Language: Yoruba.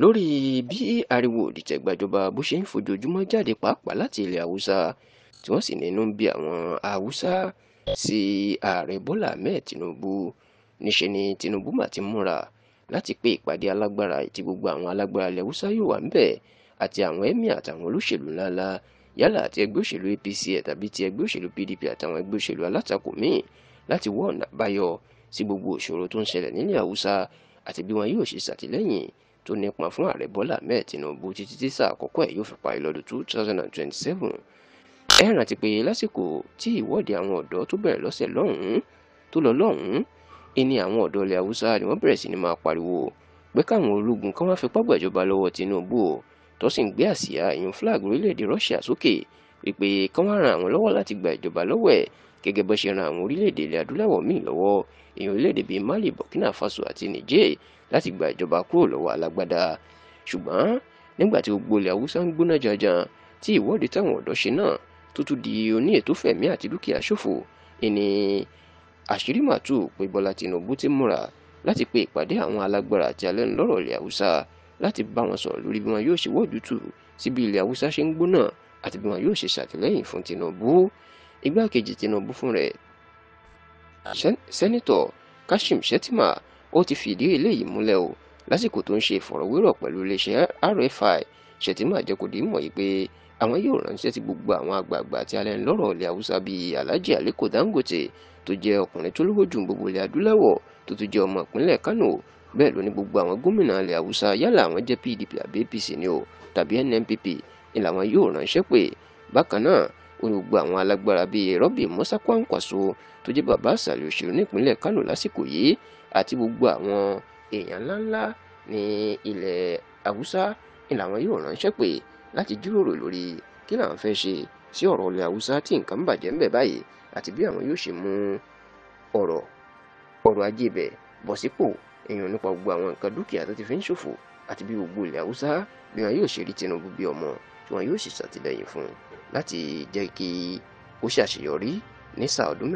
lórí bí ariwo òdìtẹ̀gbàjọba bó ṣe ń fojoojúmọ́ jáde pàápàá láti ilẹ̀ haúsá tí wọ́n sì nínú ń bí àwọn haúsá sí ààrẹ bọ́lá ahmed tinubu níṣẹ́ ni tinubu mà ti múra láti pé ìpàdé alágbára tí gbogbo àwọn alágbára ilẹ̀ haúsá yóò wà ń bẹ̀ àti àwọn emir àtàwọn olóṣèlú ńláńlá yálà àti ẹgbẹ́ òṣèlú apc ẹ̀ tàbí ti ẹgbẹ́ òṣèlú pdp àtàwọn ẹgbẹ́ òṣèlú alátakò míì láti wọ́ ọ̀nà sí gbogbo òṣòro tó ń ṣẹlẹ̀ nílẹ̀ haúsá àti bí wọn yóò ṣe ṣàtìlẹ́yìn tó nípa fún ààrẹ Bọ́lá Ahmed Tinubu títí tí sáà àkọ́kọ́ ẹ̀ yóò fi parí lọ́dún two thousand and twenty-seven ẹ rántí pé lásìkò tí ìwọ́de àwọn ọ̀dọ́ tó bẹ̀rẹ̀ lọ́sẹ̀ lọ́hùn-ún tó lọ lọ́hùn-ún ìní àwọn ọ̀dọ́ ilẹ̀ Haúsá ni wọ́n bẹ̀rẹ̀ sí ni máa pariwo pé káwọn ológun kan wá fipá gbàjọba lọ́wọ́ Tinubu tó sì ń gbé àsíá ìyún flag orílẹ̀-èdè Russia sókè wípé kán wá ran àwọn lọ́wọ́ láti gba ìjọba lọ́wọ́ ẹ̀ gẹ́gẹ́ bó ṣe ran àwọn orílẹ̀-èdè ilẹ̀ adúláwọ̀ míì lọ́wọ́ èèyàn orílẹ̀-èdè bíi Mali Burkina Faso àti Niger láti gba ìjọba kúrò lọ́wọ́ alágbádá ṣùgbọ́n nígbà tí gbogbo ilẹ̀ Haúsá ń gbóná janjan tí ìwọ́de táwọn ọ̀dọ́ ṣe náà tó tún di oní ètò fẹ̀mí àti dúkìá ṣòfò ìní àṣírí mà pé Bọ́lá Tinubu ti múra láti pe ìpàdé àwọn alágbára àti alẹ́nulọ́rọ̀ ilẹ̀ Haúsá láti bá wọn sọ̀rọ̀ lórí bí wọn yóò ṣe wọ́ọ̀dù tù síbi ilẹ̀ Haúsá ṣe ń gbóná àti bí wọn yóò ṣe ṣàtìlẹ́yìn fún Tinubu igbákejì Tinubu fún rẹ̀ sẹ́nitọ̀ Kashim Shettima ó ti fìdí eléyìí múlẹ̀ o lásìkò tó ń ṣe ìfọ̀rọ̀wérọ̀ pẹ̀lú iléeṣẹ́ RFI Shettima jẹ́ kó di mọ̀ yìí pé àwọn yóò ránṣẹ́ sí gbogbo àwọn àgbààgbà àti alẹ́ ńlọ́rọ̀ ilẹ̀ haúsá bíi Alhaji Aliko Dangote tó jẹ́ ọkùnrin tó lówó jù gbogbo ilẹ̀ adúláwọ̀ tó tún jẹ́ ọmọ ìpínlẹ̀ Kano bẹ́ẹ̀ ló ní gbogbo àwọn gómìnà ilẹ̀ haúsá yálà àwọn jẹ́ PDP àbí APC ni o tàbí NNPP làwọn yóò ránṣẹ́ pé bákan náà ó ní gbogbo àwọn alágbára bíi Robin Musa Kwankwaso tó jẹ́ bàbá àṣàlẹ̀ òṣèlú nípínlẹ̀ Kánò lásìkò yìí àti gbogbo àwọn èèyàn ńláńlá ní ilẹ̀ Haúsá ni làwọn yóò ránṣẹ́ pé láti jíròrò lórí kí làwọn fẹ́ ṣe sí ọ̀rọ̀ ilẹ̀ Haúsá tí nǹkan ń bàjẹ́ ń bẹ̀ báyìí àti bí àwọn yóò ṣe mú ọ̀rọ̀ ọrọ̀ ajé bẹ̀ bọ̀ sípò èèyàn nípa gbogbo àwọn nǹkan dúkìá tó ti fi ń ṣòfò àti bí gbogbo ilẹ̀ Haúsá bí wọn yóò ṣe rí Tinubu bí ọmọ tí wọn yóò sì ṣàtìlẹ́yìn fún un láti jẹ́ kí ó ṣàṣeyọrí ní sáà ọdún